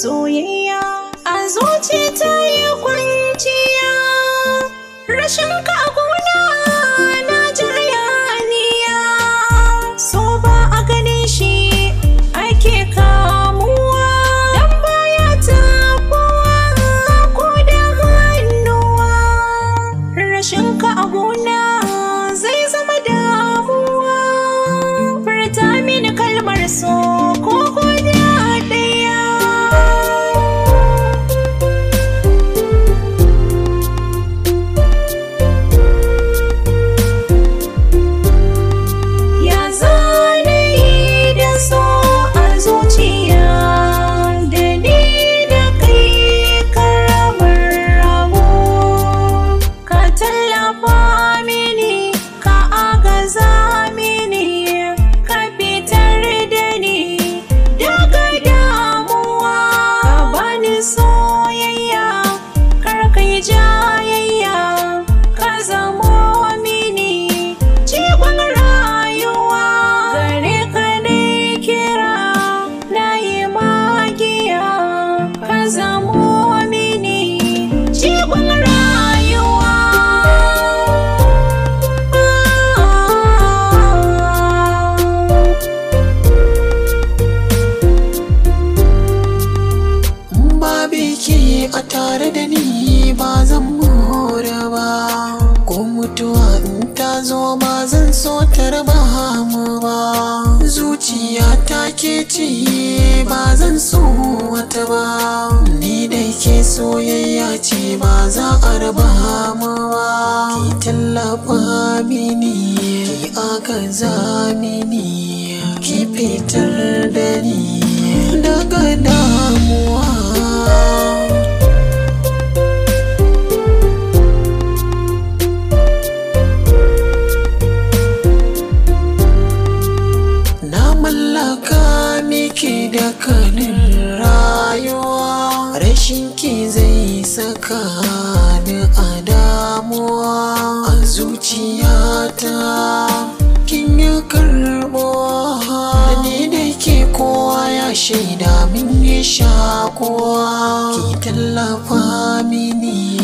soyayya a zuciyata ke a tare da ni ba zan mora ba ko mutuwa in ta zo ba zan so ta raba mu ba zuciya ta ke ci, ba zan so wata ba ni dai ke soyayya ce ba za a raba mu ba ki tallafa mini ki aka mini ki fitar da ni daga damuwa rashin ki zai saka ni a damuwa a zuciyata kin yi karbuwa ni da ke kowa ya shaida min ya sha kowa ki tallafa mini